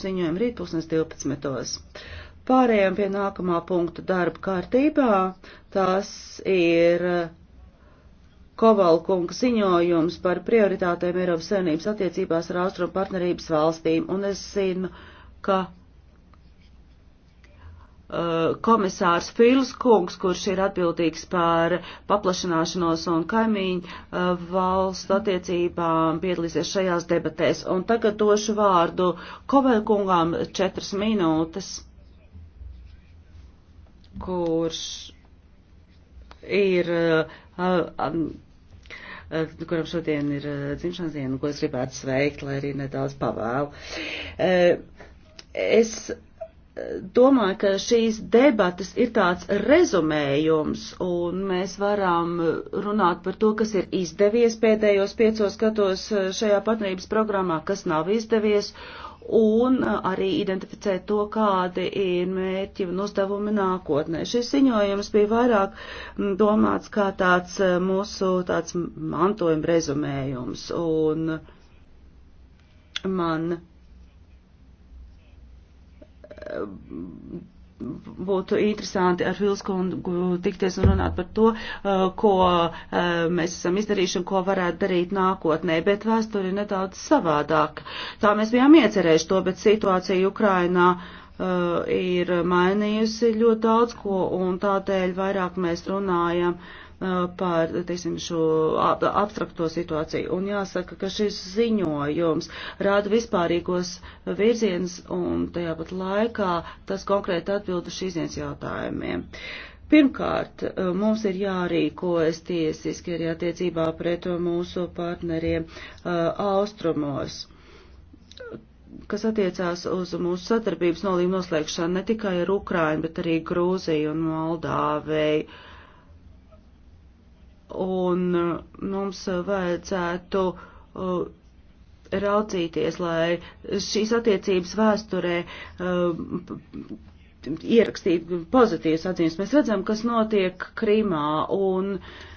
ziņojumu rīt pusnes 12. Pārējām pie nākamā punkta darba kārtībā. Tas ir eh, Kovalkunga ziņojums par prioritātēm Eiropas Savienības attiecībās ar Austrum partnerības valstīm. Un es zinu, ka Eh, komisārs Fils Kungs, kurš ir atbildīgs par paplašanāšanos un kaimiņu eh, valstu attiecībām, piedalīsies šajās debatēs. Un tagad došu vārdu Kovelkungām četras minūtes, kurš ir. Eh, kuram šodien ir dzimšanas diena, ko es gribētu sveikt, lai arī nedaudz pavēlu. Es domāju, ka šīs debatas ir tāds rezumējums, un mēs varam runāt par to, kas ir izdevies pēdējos piecos gados eh, šajā partnerības programmā, kas nav izdevies, un eh, arī identificēt to, kādi ir mērķi un uzdevumi nākotnē. Šis ziņojums bija vairāk mm, domāts kā tāds eh, mūsu tāds mantojuma rezumējums, un man būtu interesanti ar Vilskundu tikties un runāt par to, uh, ko uh, mēs esam izdarījuši un ko varētu darīt nākotnē, bet vēsture ir nedaudz savādāka. Tā mēs bijām iecerējuši to, bet situācija Ukrainā uh, ir mainījusi ļoti daudz ko un tādēļ vairāk mēs runājam Uh, pār, teiksim, šo abstrakto situāciju. Un jāsaka, ka šis ziņojums rāda vispārīgos virziens un tajā pat laikā tas konkrēti atbild uz šīs dienas jautājumiem. Pirmkārt, uh, mums ir jārīkojas tiesiski arī attiecībā pret mūsu partneriem uh, austrumos kas attiecās uz mūsu sadarbības nolīmu noslēgšanu ne tikai ar Ukrainu, bet arī Grūziju un Moldāviju. Uh, un uh, mums vajadzētu uh, raudzīties, lai šīs attiecības vēsturē uh, ierakstītu pozitīvas atzīmes. Mēs redzam, kas notiek Krimā un uh,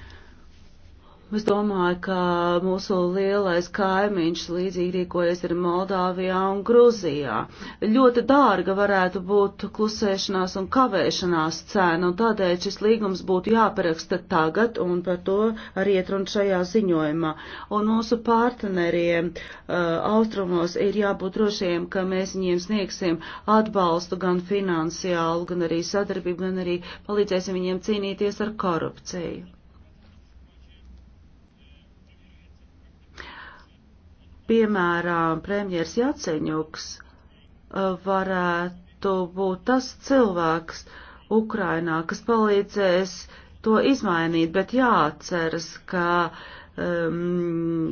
Es domāju, ka mūsu lielais kaimiņš līdzīgi rīkojas ir Moldāvijā un Gruzijā. Ļoti dārga varētu būt klusēšanās un kavēšanās cena, un tādēļ šis līgums būtu jāparaksta tagad, un par to arī iet runa šajā ziņojumā. Un mūsu partneriem uh, austrumos ir jābūt drošiem, ka mēs viņiem sniegsim atbalstu gan finansiālu, gan arī sadarbību, gan arī palīdzēsim viņiem cīnīties ar korupciju. piemēram, premjers Jaceņuks uh, varētu būt tas cilvēks Ukrainā, kas palīdzēs to izmainīt, bet jāatceras, ka um,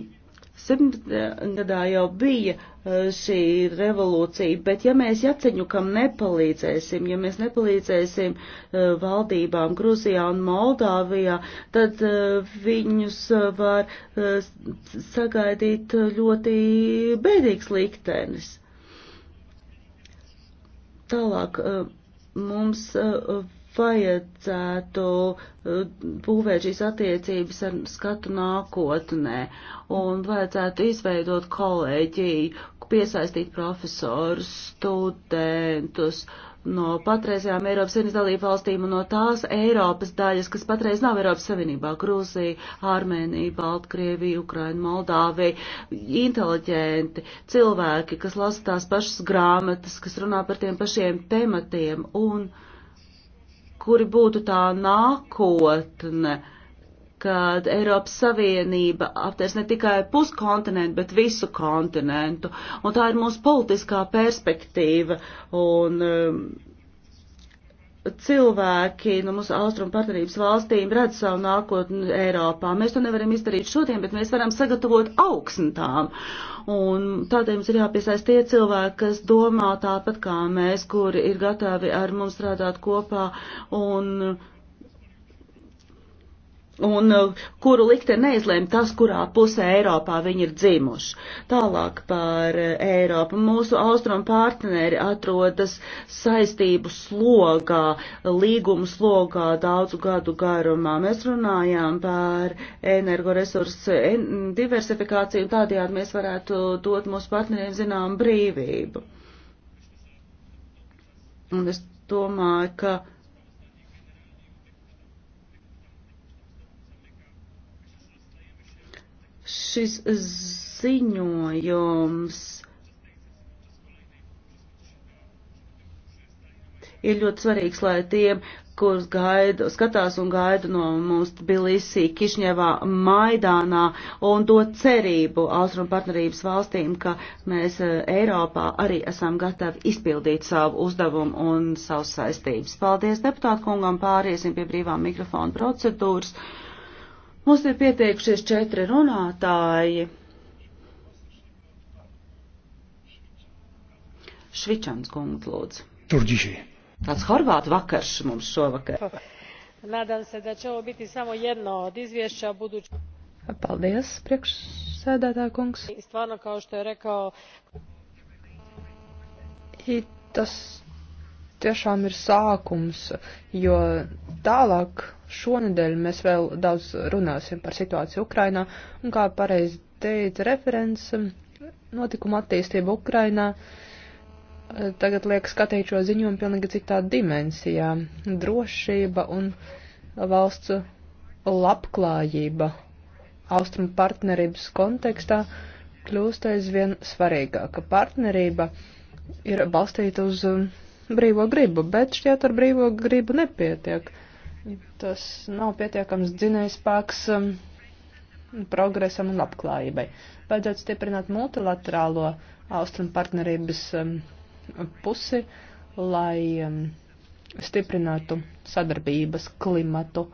Simtgadā jau bija uh, šī revolūcija, bet ja mēs Jaceņukam nepalīdzēsim, ja mēs nepalīdzēsim uh, valdībām Gruzijā un Moldāvijā, tad uh, viņus var sagaidīt ļoti bēdīgs liktenis. Tālāk mums vajadzētu eh, būvēt šīs attiecības ar skatu nākotnē un vajadzētu izveidot kolēģiju, piesaistīt profesorus, studentus no patreizējām Eiropas Savienības dalību valstīm un no tās Eiropas daļas, kas patreiz nav Eiropas Savienībā - Grūzija, Armēnija, Baltkrievija, Ukraina, Moldāvija - inteliģenti cilvēki, kas lasa tās pašas grāmatas, kas runā par tiem pašiem tematiem un uh, kuri būtu tā nākotne, kad Eiropas Savienība aptvers ne tikai puskontinentu, bet visu kontinentu. Un tā ir mūsu politiskā perspektīva. Un, um, cilvēki no mūsu austrumu partnerības valstīm redz savu nākotni Eiropā. Mēs to nevaram izdarīt šodien, bet mēs varam sagatavot augsntām. Un tādēļ mums ir jāpiesaist tie cilvēki, kas domā tāpat kā mēs, kuri ir gatavi ar mums strādāt kopā un uh, un uh, kuru likteni neizlēma tas, kurā pusē Eiropā viņi ir dzimuši. Tālāk par uh, Eiropu. Mūsu austrumu partneri atrodas saistību slogā, līgumu slogā daudzu gadu garumā. Mēs runājām par energoresursu diversifikāciju, tādējādi mēs varētu dot mūsu partneriem zinām brīvību. Un es domāju, ka Šis ziņojums ir ļoti svarīgs, lai tiem, kurus gaidu, skatās un gaidu no mums Bilisī, Kišņevā, Maidānā un dot cerību Austrum partnerības valstīm, ka mēs eh, Eiropā arī esam gatavi izpildīt savu uzdevumu un savas saistības. Paldies deputātkungam, pāriesim pie brīvā mikrofona procedūras. Mums ir pieteikušies četri runātāji. Švičans kungs lūdzu. Turģiši. Tāds horvātu vakars mums šovakar. Nadam se da će ovo biti samo jedno od izvješća budućeg. Paldies, priekšsēdētā kungs. Stvarno, kao što je rekao. I tas tiešām ir sākums, jo tālāk šonedēļ mēs vēl daudz runāsim par situāciju Ukrainā un kā pareizi teica referents notikuma attīstība Ukrainā. Eh, tagad liek skatīt šo ziņojumu pilnīgi citā dimensijā - drošība un valsts labklājība austrumu partnerības kontekstā kļūst aizvien svarīgāka. Partnerība ir balstīta uz brīvo gribu, bet šķiet ar brīvo gribu nepietiek. Tas nav pietiekams dzinējs spēks um, progresam un labklājībai. Vajadzētu stiprināt multilaterālo austrumu partnerības um, pusi, lai um, stiprinātu sadarbības klimatu.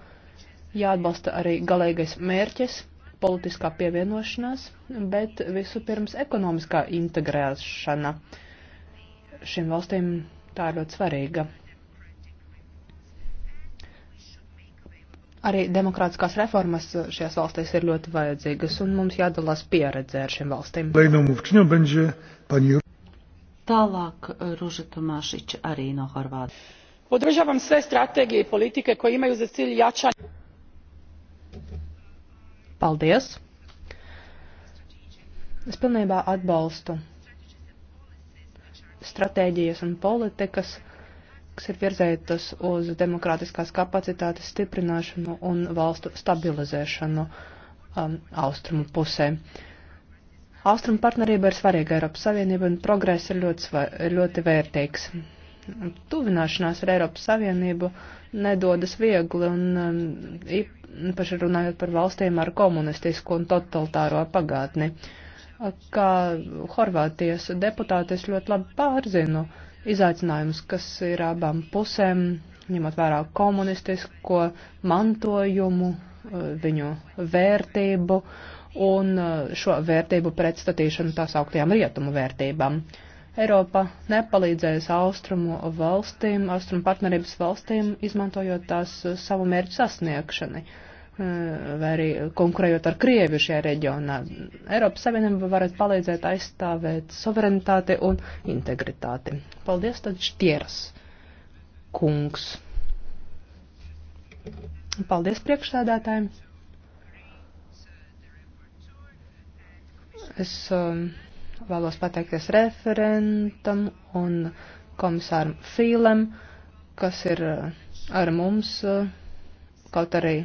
Jāatbalsta arī galīgais mērķis - politiskā pievienošanās, bet visu pirms ekonomiskā integrēšana. Šīm valstīm tā ir ļoti svarīga. Arī demokrātiskās reformas šajās valstīs ir ļoti vajadzīgas, un mums jādalās pieredzē ar šīm valstīm. Tālāk Ruža Tomašić arī no Horvātijas. Podržavam sve strategije i politike koje imaju za cilj jačanje. Paldies! Es pilnībā atbalstu stratēģijas un politikas, kas ir virzētas uz demokrātiskās kapacitātes stiprināšanu un valstu stabilizēšanu um, austrumu pusē. Austrumu partnerība ir svarīga Eiropas Savienība un progress ir ļoti, ļoti vērtīgs. Tuvināšanās ar Eiropas Savienību nedodas viegli un um, īpaši runājot par valstīm ar komunistisku un totalitāro pagātni. Uh, kā Horvātijas deputāte, es ļoti labi pārzinu izaicinājumus, kas ir abām pusēm, ņemot vērā komunistisko mantojumu, eh, viņu vērtību un eh, šo vērtību pretstatīšanu tās augtajām rietumu vērtībām. Eiropa nepalīdzēs austrumu valstīm, austrumu partnerības valstīm, izmantojot tās eh, savu mērķu sasniegšanai. Uh, vai arī konkurējot ar Krieviju šajā reģionā. Eiropas Savienība varētu palīdzēt aizstāvēt suverenitāti un integritāti. Paldies, tad Štieras kungs. Paldies priekšsēdētājiem. Es um, vēlos pateikties referentam un komisāram Fīlem, kas ir uh, ar mums, uh, kaut arī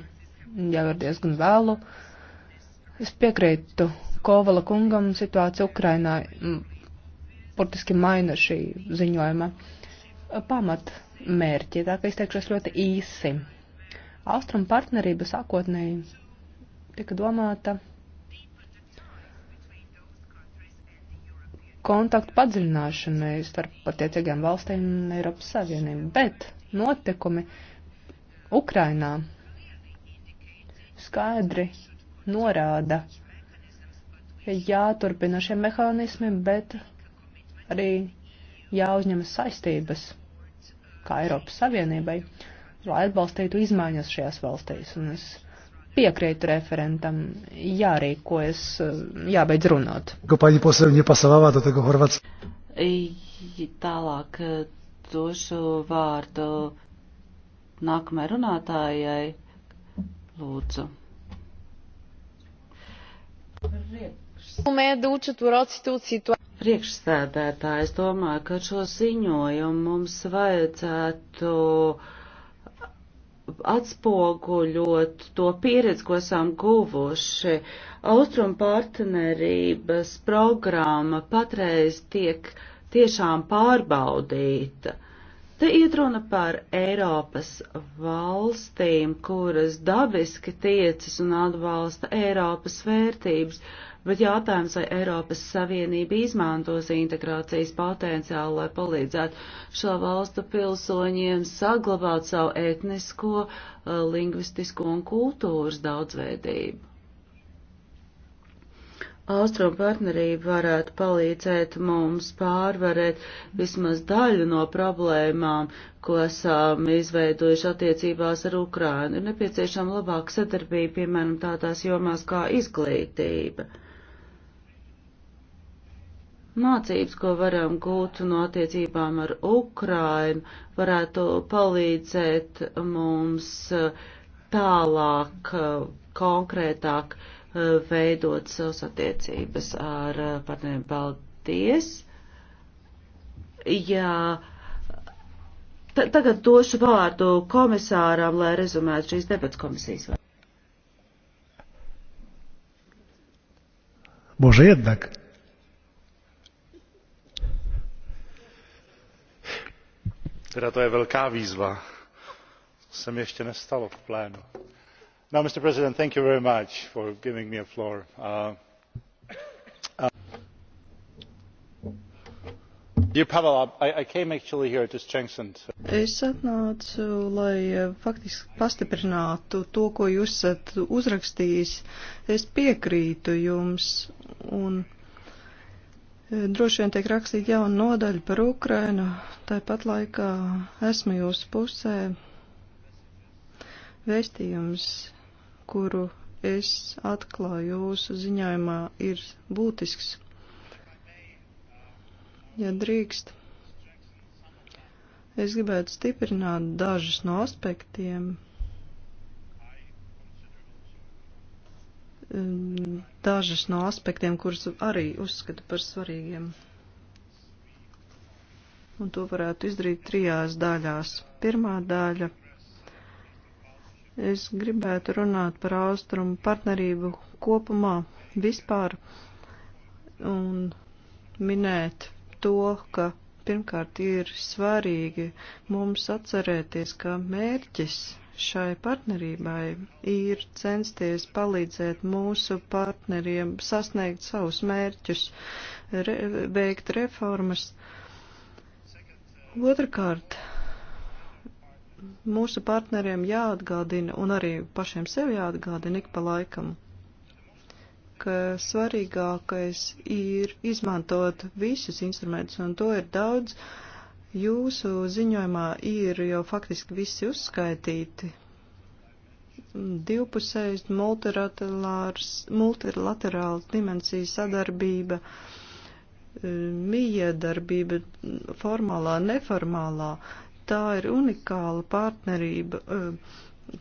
jau ir diezgan vēlu. Es piekrītu Kovala kungam, situācija Ukrainā burtiski mm, maina šī ziņojuma pamat mērķi, tā ka izteikšos ļoti īsi. Austrum partnerība sākotnēji tika domāta kontaktu padziļināšanai starp attiecīgām valstīm un Eiropas Savienību, bet notikumi Ukrainā skaidri norāda, jāturpina šie mehānismi, bet arī jāuzņemas saistības kā Eiropas Savienībai, lai atbalstītu izmaiņas šajās valstīs. Un es piekrītu referentam, jārīkojas, jābeidz runāt. Tālāk eh, došu vārdu nākamajai runātājai. Lūdzu. Priekšsēdētā, es domāju, ka šo ziņojumu mums vajadzētu atspoguļot to pieredzi, ko esam guvuši. Austrum partnerības programma patreiz tiek tiešām pārbaudīta. Uh, Te iet runa par Eiropas valstīm, kuras dabiski tiecas un atbalsta Eiropas vērtības, bet jautājums, vai Eiropas Savienība izmantos integrācijas potenciālu, lai palīdzētu šo valstu pilsoņiem saglabāt savu etnisko, uh, lingvistisko un kultūras daudzveidību. Austrum partnerība varētu palīdzēt mums pārvarēt vismaz daļu no problēmām, ko esam izveidojuši attiecībās ar Ukrainu. Ir nepieciešama labāka sadarbība, piemēram, tādās jomās kā izglītība. Mācības, ko varam gūt no attiecībām ar Ukrainu, varētu palīdzēt mums uh, tālāk, uh, konkrētāk Eh, veidot savas attiecības ar eh, partneriem. Paldies! Jā, T tagad došu vārdu komisāram, lai rezumētu šīs debats komisijas. Może jednak. Teda to je velká výzva. To se mi ještě nestalo v plénu mr president thank you very much for giving me the floor. Uh, uh, es atnācu lai uh, faktiski pastiprinātu to ko jūs esat uzrakstījis. es piekrītu jums un e, Droši vien tiek rakstīta jauna nodaļa par Ukrainu, tāpat laikā esmu jūsu pusē. Vēstījums kuru es atklāju jūsu ziņojumā, ir būtisks. Ja drīkst, es gribētu stiprināt dažus no aspektiem, dažus no aspektiem, kurus arī uzskatu par svarīgiem. Un to varētu izdarīt trijās daļās. Pirmā daļa Es gribētu runāt par austrumu partnerību kopumā, vispār, un minēt to, ka pirmkārt ir svarīgi mums atcerēties, ka mērķis šai partnerībai ir censties palīdzēt mūsu partneriem sasniegt savus mērķus, re, veikt reformas. Otrakārt, mūsu partneriem jāatgādina un arī pašiem sev jāatgādina ik pa laikam, ka svarīgākais ir izmantot visus instrumentus, un to ir daudz. Jūsu ziņojumā ir jau faktiski visi uzskaitīti. Divpusējs, multilaterāls dimensija sadarbība, miedarbība formālā, neformālā. Uh, Tā ir unikāla partnerība, eh,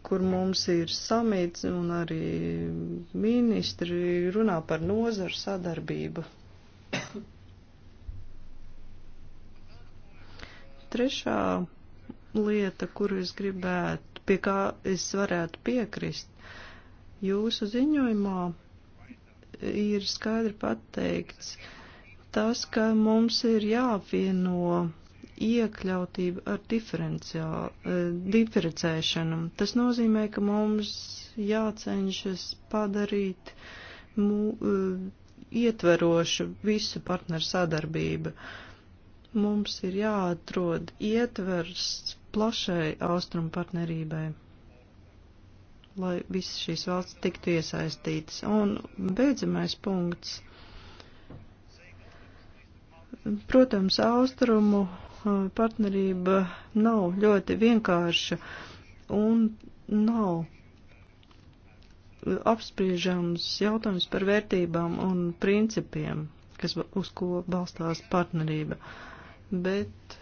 kur mums ir samīts un arī ministri runā par nozaru sadarbību. Trešā lieta, kuru es gribētu, pie kā es varētu piekrist, jūsu ziņojumā ir skaidri pateikts tas, ka mums ir jāapvieno iekļautību ar eh, diferencēšanu. Tas nozīmē, ka mums jācenšas padarīt mū, eh, ietverošu visu partneru sadarbību. Mums ir jāatrod ietvers plašai austrumu partnerībai, lai visas šīs valsts tiktu iesaistītas. Un beidzamais punkts protams, austrumu Eh, partnerība nav ļoti vienkārša un nav apspriežams jautājums par vērtībām un principiem, kas, uz ko balstās partnerība. Bet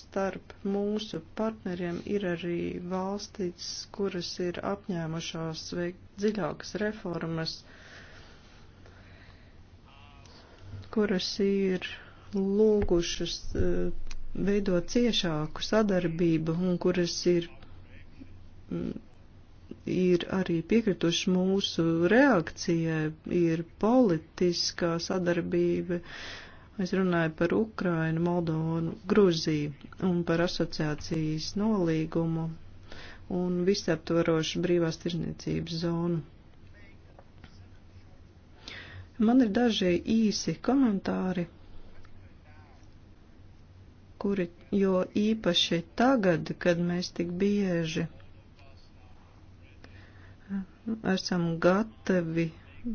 starp mūsu partneriem ir arī valstis, kuras ir apņēmušās veikt dziļākas reformas, kuras ir lūgušas eh, veidot ciešāku sadarbību un kuras ir, mm, ir arī piekrituši mūsu reakcijai, ir politiskā sadarbība. Es runāju par Ukrainu, Moldovu un Gruziju un par asociācijas nolīgumu un visaptvarošu brīvās tirzniecības zonu. Man ir daži īsi komentāri kuri, jo īpaši tagad, kad mēs tik bieži esam gatavi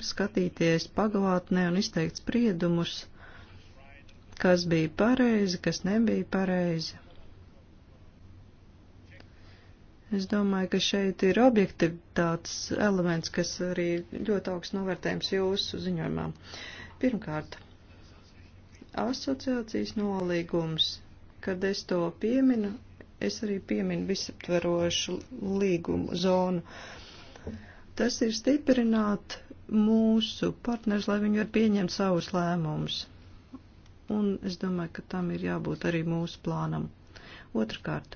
skatīties pagātnē un izteikt spriedumus, kas bija pareizi, kas nebija pareizi. Es domāju, ka šeit ir objektivitātes elements, kas arī ļoti augsts novērtējums jūsu ziņojumā. Pirmkārt, asociācijas nolīgums kad es to pieminu, es arī pieminu visaptverošu līgumu zonu. Tas ir stiprināt mūsu partners, lai viņi var pieņemt savus lēmumus. Un es domāju, ka tam ir jābūt arī mūsu plānam. Otrakārt,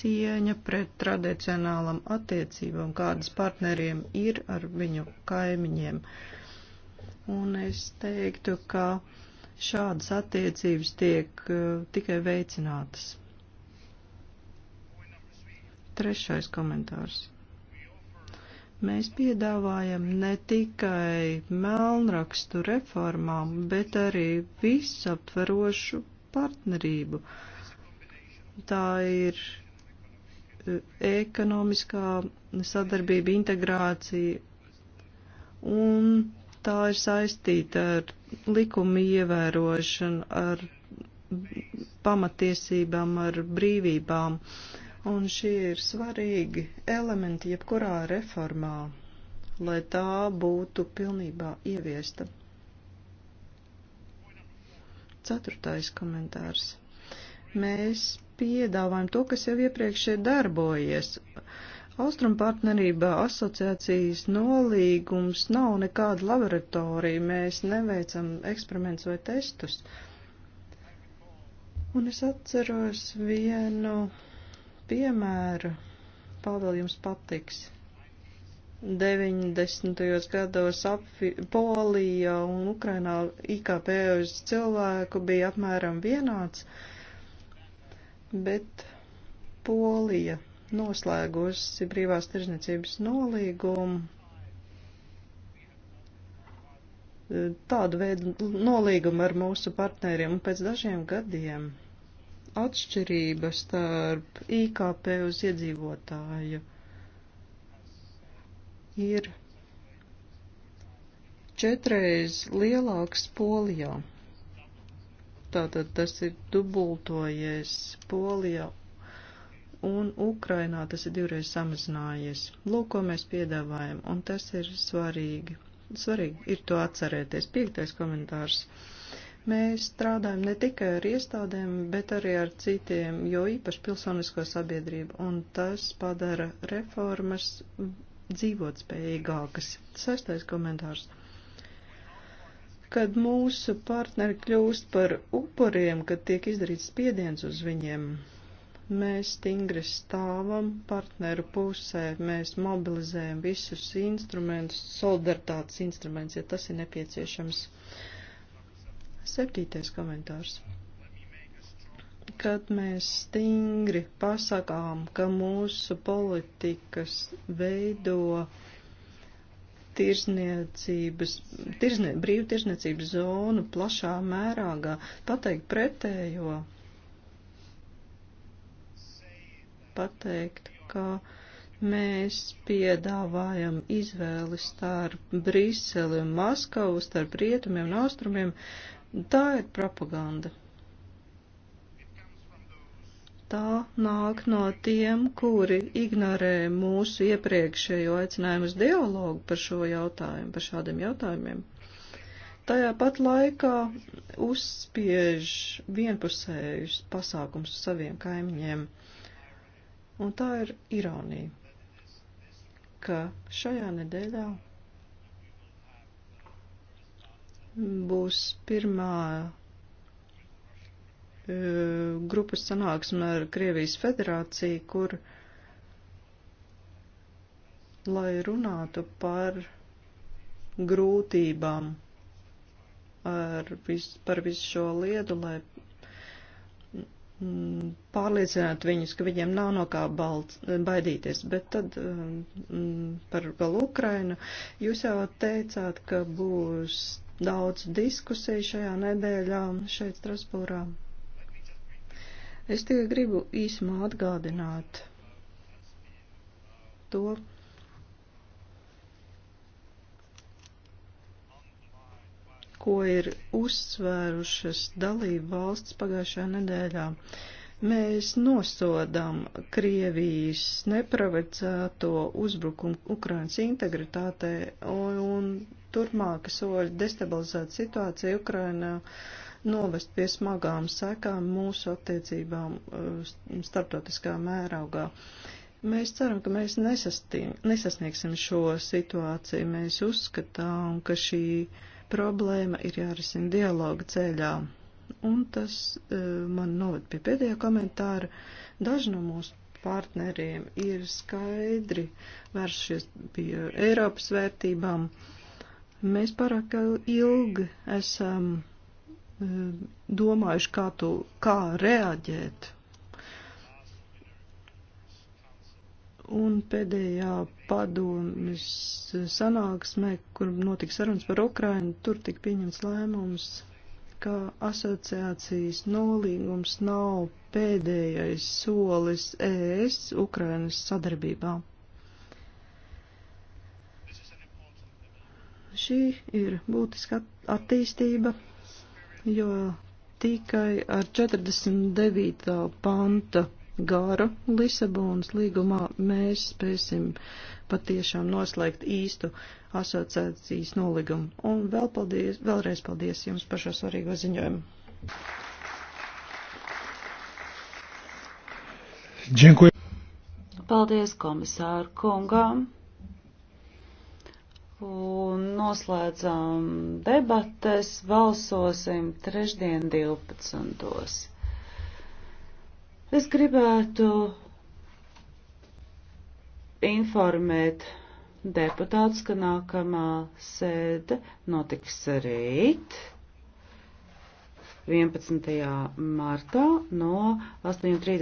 cieņa pret tradicionālam attiecībam, kādas partneriem ir ar viņu kaimiņiem. Un es teiktu, ka uh, šādas attiecības tiek eh, tikai veicinātas. Trešais komentārs. Mēs piedāvājam ne tikai melnrakstu reformām, bet arī visaptverošu partnerību. Tā ir eh, ekonomiskā sadarbība, integrācija, un tā ir saistīta ar likumi ievērošanu, ar pamatiesībām, ar brīvībām. Un šie ir svarīgi elementi jebkurā reformā, lai tā būtu pilnībā ieviesta. Ceturtais komentārs. Mēs piedāvājam to, kas jau iepriekš ir darbojies. Uh, Austrum partnerībā asociācijas nolīgums nav nekāda laboratorija, mēs neveicam eksperiments vai testus. Un es atceros vienu piemēru, Pāvēl jums patiks. 90. gados apvi, Polija un Ukrainā IKP uz cilvēku bija apmēram vienāds, bet Polija noslēgusi brīvās tirzniecības nolīgumu. Tādu veidu nolīgumu ar mūsu partneriem un pēc dažiem gadiem atšķirība starp IKP uz iedzīvotāju ir četreiz lielāks polijā. Tātad tas ir dubultojies polijā un Ukrainā tas ir divreiz samazinājies. Lūk, ko mēs piedāvājam, un tas ir svarīgi. Svarīgi ir to atcerēties. Piektais komentārs. Mēs strādājam ne tikai ar iestādēm, bet arī ar citiem, jo īpaši pilsonisko sabiedrību, un tas padara reformas dzīvotspējīgākas. Sestais komentārs kad mūsu partneri kļūst par upuriem, kad tiek izdarīts spiediens uz viņiem. Mēs stingri stāvam partneru pusē, mēs mobilizējam visus instrumentus, solidaritātes instruments, ja tas ir nepieciešams. Septītais komentārs. Kad mēs stingri pasakām, ka mūsu politikas veido tirzniecības, tirznie, brīvtirzniecības zonu plašā mērāgā, pateikt pretējo pateikt, ka mēs piedāvājam izvēli starp Briseli un Maskavu, starp rietumiem un austrumiem. Tā ir propaganda tā nāk no tiem, kuri ignorē mūsu iepriekšējo aicinājumu uz dialogu par šo jautājumu, par šādiem jautājumiem. Tajā pat laikā uzspiež vienpusējus pasākums saviem kaimiņiem. Uh, Un tā ir ironija, ka šajā nedēļā būs pirmā e, grupas sanāksme ar Krievijas federāciju, kur, lai runātu par grūtībām ar vis, par visu šo lietu, lai Mm, pārliecināt viņus, ka viņiem nav no kā balts, eh, baidīties. Bet tad um, mm, par vēl Ukrainu. Jūs jau teicāt, ka būs daudz diskusiju šajā nedēļā šeit Strasbūrā. Es tikai gribu īsumā atgādināt to, ko ir uzsvērušas dalību valsts pagājušajā nedēļā. Mēs nosodām Krievijas nepravedzēto uzbrukumu Ukrainas integritātei un, un turpmāka soļa destabilizēt situāciju Ukrainā novest pie smagām sekām mūsu attiecībām uh, starptautiskā mēraugā. Mēs ceram, ka mēs nesasniegsim šo situāciju. Mēs uzskatām, ka šī problēma ir jārisina dialoga ceļā. Un tas e, man noved pie pēdējā komentāra. Daži no mūsu partneriem ir skaidri vēršies pie Eiropas vērtībām. Mēs pārāk ilgi esam e, domājuši, kā, tu, kā reaģēt Un pēdējā padomis sanāksmē, kur notika sarunas par Ukrainu, tur tika pieņemts lēmums, ka asociācijas nolīgums nav pēdējais solis ES Ukrainas sadarbībā. Šī ir būtiska attīstība, jo tikai ar 49. panta garu Lisabonas līgumā mēs spēsim patiešām noslēgt īstu asociācijas noligumu. Un vēl paldies, vēlreiz paldies jums par šo svarīgo ziņojumu. Dziękuję. Paldies komisāru kungām. Un noslēdzām debates, balsosim trešdien 12. Es gribētu informēt deputāts, ka nākamā sēde notiks rīt 11. martā no 8.30.